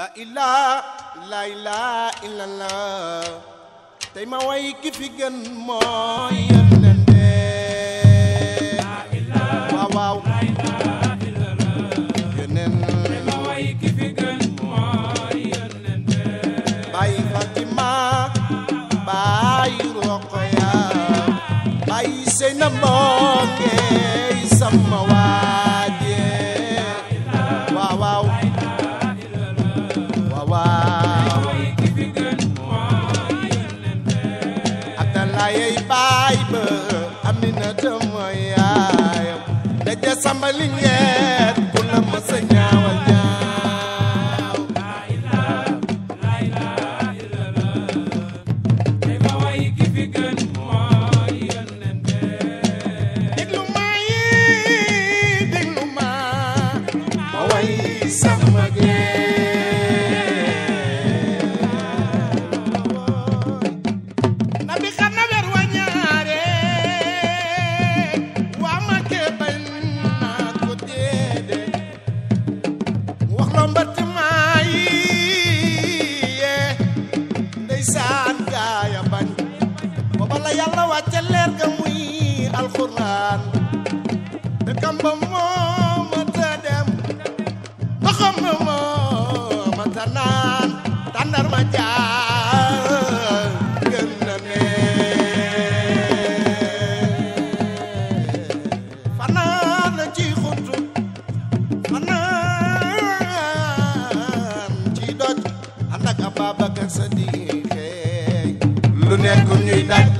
la ilaha la ilaha illallah tey ma way ki gën mooy yonente la ilaha waaw bay Fatima bay Roqaya bay Seyna samba lingeer ku la mësa ñaawal Bamba Babacar Sadikh eh. lu nekk ñuy daj